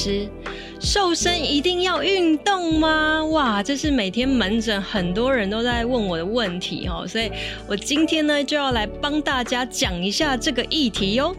吃瘦身一定要運動嗎？哇，這是每天門診很多人都在問我的問題哦，所以我今天呢就要來幫大家講一下這個議題喲。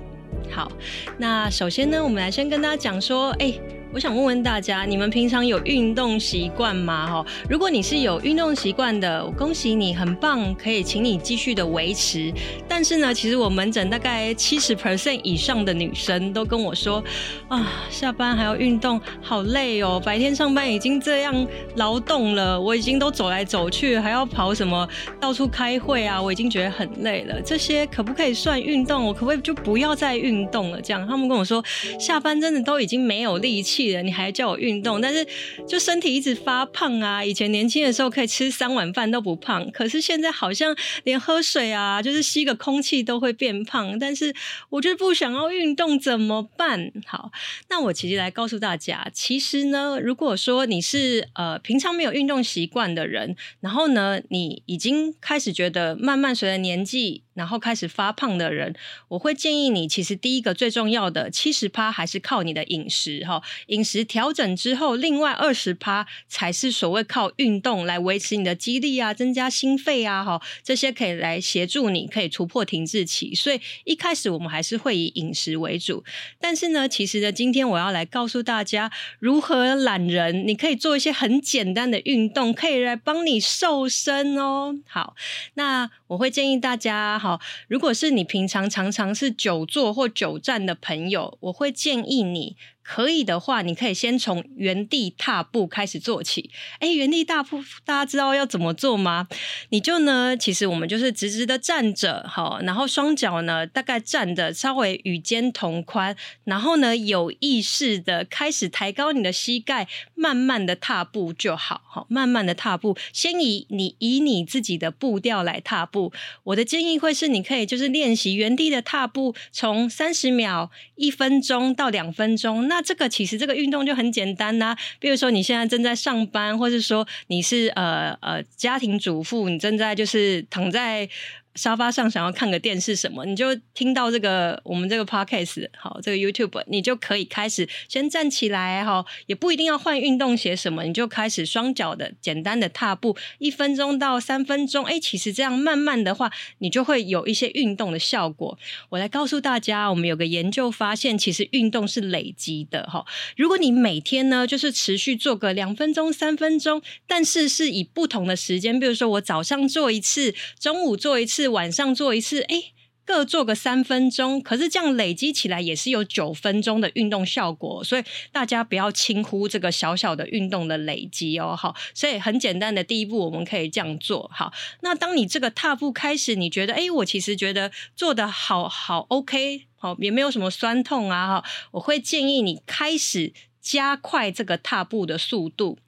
好，那首先呢，我們來先跟大家講說，哎、欸。我想問問大家，你們平常有運動習慣嗎？哈，如果你是有運動習慣的，恭喜你，很棒，可以請你繼續的維持。但是呢，其實我門診大概七十 percent 以上的女生都跟我說，啊，下班還要運動，好累哦。白天上班已經這樣勞動了，我已經都走來走去，還要跑什麼到處開會啊，我已經覺得很累了。這些可不可以算運動？我可不可以就不要再運動了？這樣，他們跟我說，下班真的都已經沒有力氣。你還叫我運動，但是就身體一直發胖啊！以前年輕的時候可以吃三碗飯都不胖，可是現在好像連喝水啊，就是吸個空氣都會變胖。但是我就不想要運動怎麼辦？好，那我其實來告訴大家，其實呢，如果說你是呃平常沒有運動習慣的人，然後呢，你已經開始覺得慢慢隨着年紀。然後開始發胖的人，我會建議你，其實第一個最重要的七十趴還是靠你的飲食，飲食調整之後，另外二十趴才是所謂靠運動來維持你的肌力啊，增加心肺啊，這些可以來協助你可以突破停滯期。所以一開始我們還是會以飲食為主，但是呢，其實呢，今天我要來告訴大家，如何懶人你可以做一些很簡單的運動，可以來幫你瘦身哦。好，那我會建議大家好。如果是你平常常常是久坐或久站的朋友，我會建議你。可以的話，你可以先從原地踏步開始做起。哎，原地踏步，大家知道要怎麼做嗎？你就呢，其實我們就是直直的站着，哈，然後雙腳呢，大概站的稍微與肩同寬，然後呢，有意識的開始抬高你的膝蓋，慢慢的踏步就好，好，慢慢的踏步，先以你以你自己的步調來踏步。我的建議會是，你可以就是練習原地的踏步，從三十秒、一分鐘到兩分鐘。那這個其實這個運動就很簡單吶、啊，比如說你現在正在上班，或是說你是呃呃家庭主婦，你正在就是躺在。沙發上想要看個電視什麼，你就聽到這個我們這個 Podcast，好，這個 YouTube，你就可以開始先站起來哈，也不一定要換運動鞋什麼，你就開始雙腳的簡單的踏步，一分鐘到三分鐘，哎，其實這樣慢慢的話，你就會有一些運動的效果。我來告訴大家，我們有個研究發現，其實運動是累積的哈。如果你每天呢，就是持續做個兩分鐘、三分鐘，但是是以不同的時間，比如說我早上做一次，中午做一次。是晚上做一次，哎，各做個三分鐘，可是這樣累積起來也是有九分鐘的運動效果，所以大家不要輕忽這個小小的運動的累積哦，好，所以很簡單的第一步我們可以這樣做，好，那當你這個踏步開始，你覺得，哎，我其實覺得做得好好，OK，好，也沒有什麼酸痛啊，我會建議你開始加快這個踏步的速度。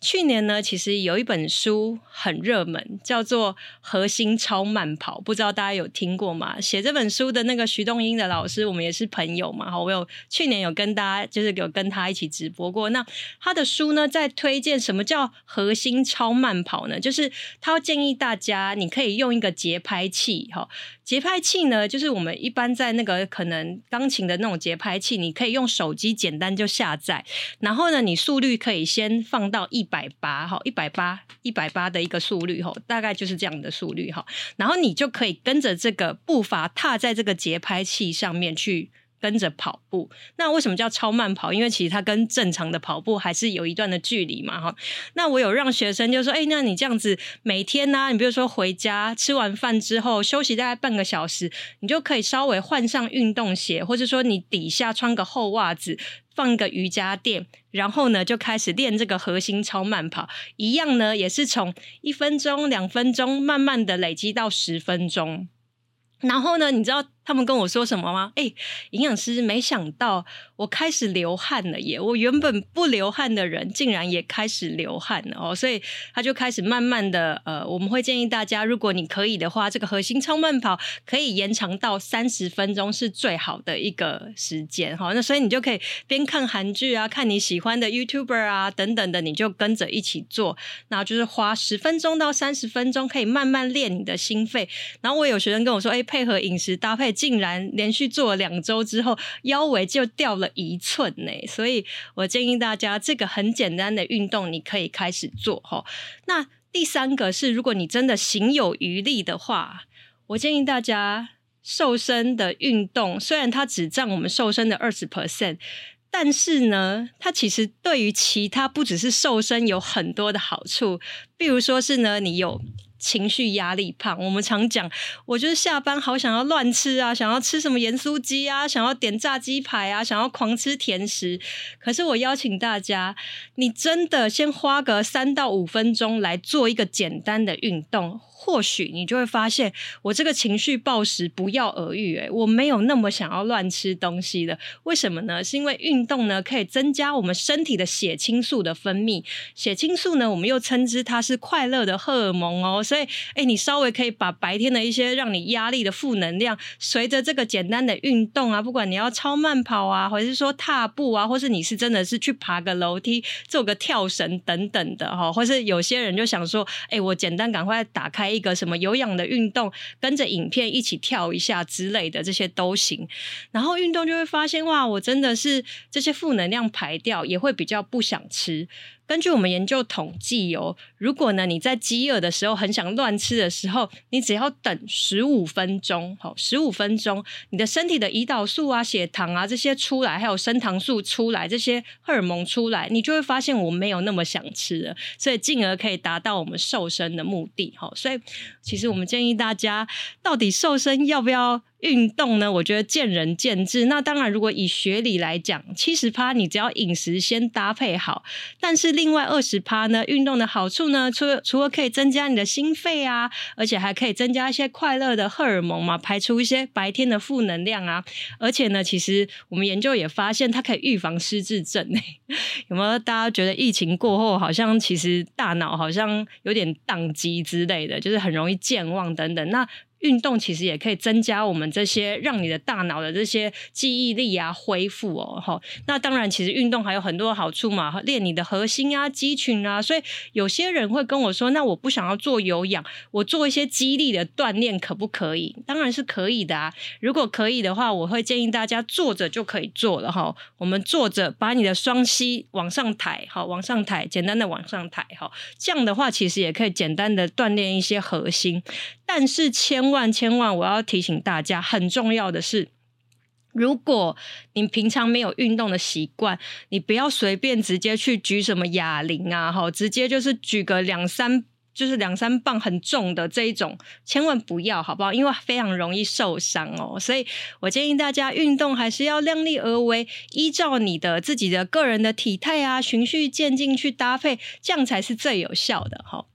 去年呢，其實有一本書很熱門，叫做《核心超慢跑》，不知道大家有聽過嗎？寫這本書的那個徐東英的老師，我們也是朋友嘛，哈，我有去年有跟大家就是有跟他一起直播過。那他的書呢，在推薦什麼叫《核心超慢跑》呢？就是他建議大家，你可以用一個節拍器，哈、哦，節拍器呢，就是我們一般在那個可能鋼琴的那種節拍器，你可以用手機簡單就下載，然後呢，你速率可以先放。到一百八哈，一百八一百八的一個速率哈，大概就是這樣的速率哈。然後你就可以跟着這個步伐，踏在這個節拍器上面去跟着跑步。那為什麼叫超慢跑？因為其實它跟正常的跑步還是有一段的距離嘛哈。那我有讓學生就說，哎、欸，那你這樣子每天呢，啊，你比如說回家吃完飯之後休息大概半個小時，你就可以稍微換上運動鞋，或者說你底下穿個厚襪子，放個瑜伽墊，然後呢就開始練這個核心超慢跑，一樣呢也是從一分鐘、兩分鐘，慢慢的累積到十分鐘，然後呢，你知道。他們跟我說什麼嗎？哎、欸，營養師，沒想到我開始流汗了耶！我原本不流汗的人，竟然也開始流汗了哦、喔，所以他就開始慢慢的呃，我們會建議大家，如果你可以的話，這個核心超慢跑可以延長到三十分鐘，是最好的一個時間哈、喔。那所以你就可以邊看韓劇啊，看你喜歡的 YouTuber 啊等等的，你就跟着一起做，那就是花十分鐘到三十分鐘，可以慢慢練你的心肺。然後我有學生跟我說，哎、欸，配合飲食搭配。竟然連續做了兩周之後，腰圍就掉了一寸耶！所以我建議大家，這個很簡單的運動，你可以開始做吼。那第三個是，如果你真的行有餘力的話，我建議大家瘦身的運動，雖然它只佔我們瘦身的二十 percent，但是呢，它其實對於其他不只是瘦身有很多的好處，比如說是呢，你有。情緒壓力胖，我們常講，我就是下班好想要亂吃啊，想要吃什麼鹽酥雞啊，想要點炸雞排啊，想要狂吃甜食。可是我邀請大家，你真的先花個三到五分鐘來做一個簡單的運動，或許你就會發現，我這個情緒暴食不藥而癒。欸，我沒有那麼想要亂吃東西的，為什麼呢？是因為運動呢可以增加我們身體的血清素的分泌，血清素呢我們又稱之它是快樂的荷爾蒙哦。所以，你稍微可以把白天的一些讓你壓力的負能量，隨着這個簡單的運動啊，不管你要超慢跑啊，或者是說踏步啊，或是你是真的是去爬個樓梯、做個跳繩等等的哈，或是有些人就想說，哎，我簡單趕快打開一個什麼有氧的運動，跟着影片一起跳一下之類的，這些都行。然後運動就會發現，哇，我真的是這些負能量排掉，也會比較不想吃。根據我們研究統計哦，如果呢你在飢餓的時候很想亂吃的時候，你只要等十五分鐘，好，十五分鐘，你的身體的胰島素啊、血糖啊這些出來，還有升糖素出來，這些荷爾蒙出來，你就會發現我沒有那麼想吃了，所以進而可以達到我們瘦身的目的。好、哦，所以其實我們建議大家，到底瘦身要不要？運動呢，我覺得見仁見智。那當然，如果以學理來講，七十趴，你只要飲食先搭配好，但是另外二十趴呢，運動的好處呢，除除了可以增加你的心肺啊，而且還可以增加一些快樂的荷爾蒙嘛，排除一些白天的負能量啊。而且呢，其實我們研究也發現，它可以預防失智症。 有沒有？大家覺得疫情過後，好像其實大腦好像有點宕機之類的，就是很容易健忘等等。那運動其實也可以增加我們這些讓你的大腦的這些記憶力啊，恢復哦，哦，那當然，其實運動還有很多好處嘛，練你的核心啊，肌群啊。所以有些人會跟我說：“那我不想要做有氧，我做一些肌力的鍛煉可不可以？”當然是可以的啊。如果可以的話，我會建議大家坐着就可以做了哈、哦。我們坐着把你的雙膝往上抬，好、哦、往上抬，簡單的往上抬，哈、哦。這樣的話，其實也可以簡單的鍛煉一些核心。但是千萬千萬，我要提醒大家，很重要的是，如果你平常沒有運動的習慣，你不要隨便直接去舉什麼啞鈴啊，好，直接就是舉個兩三，就是兩三磅很重的這一種，千萬不要，好不好？因為非常容易受傷哦。所以我建議大家運動還是要量力而為，依照你的自己的個人的體態啊，循序漸進去搭配，這樣才是最有效的哈、哦。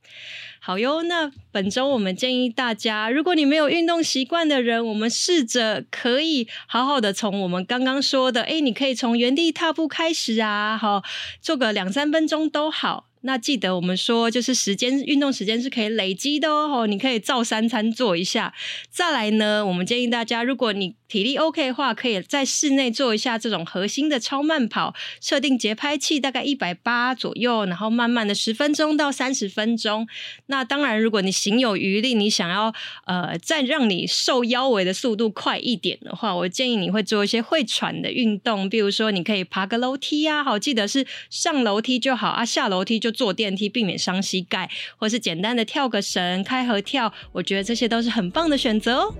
好喲，那本周我們建議大家，如果你沒有運動習慣的人，我們試着可以好好的從我們剛剛說的，誒，你可以從原地踏步開始啊，好，做個兩三分鐘都好。那記得我們說，就是時間運動時間是可以累積的哦，你可以照三餐做一下。再來呢，我們建議大家，如果你體力 OK 的話，可以在室內做一下這種核心的超慢跑，設定節拍器，大概一百八左右，然後慢慢的十分鐘到三十分鐘。那當然，如果你行有餘力，你想要呃再讓你瘦腰圍的速度快一點的話，我建議你會做一些會喘的運動，比如說你可以爬個樓梯呀，啊，好記得是上樓梯就好啊，下樓梯就。坐電梯，避免傷膝蓋，或是簡單的跳個繩、開合跳，我覺得這些都是很棒的選擇哦。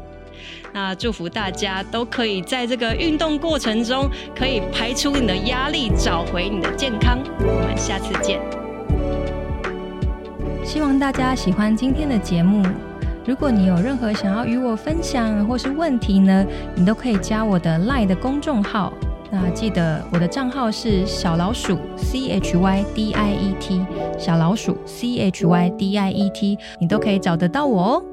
那祝福大家都可以在這個運動過程中可以排除你的壓力，找回你的健康。我們下次見。希望大家喜歡今天的節目。如果你有任何想要與我分享或是問題呢，你都可以加我的 Line 的公眾號。那記得我的賬號是小老鼠 CHYDIET，小老鼠 CHYDIET，你都可以找得到我哦。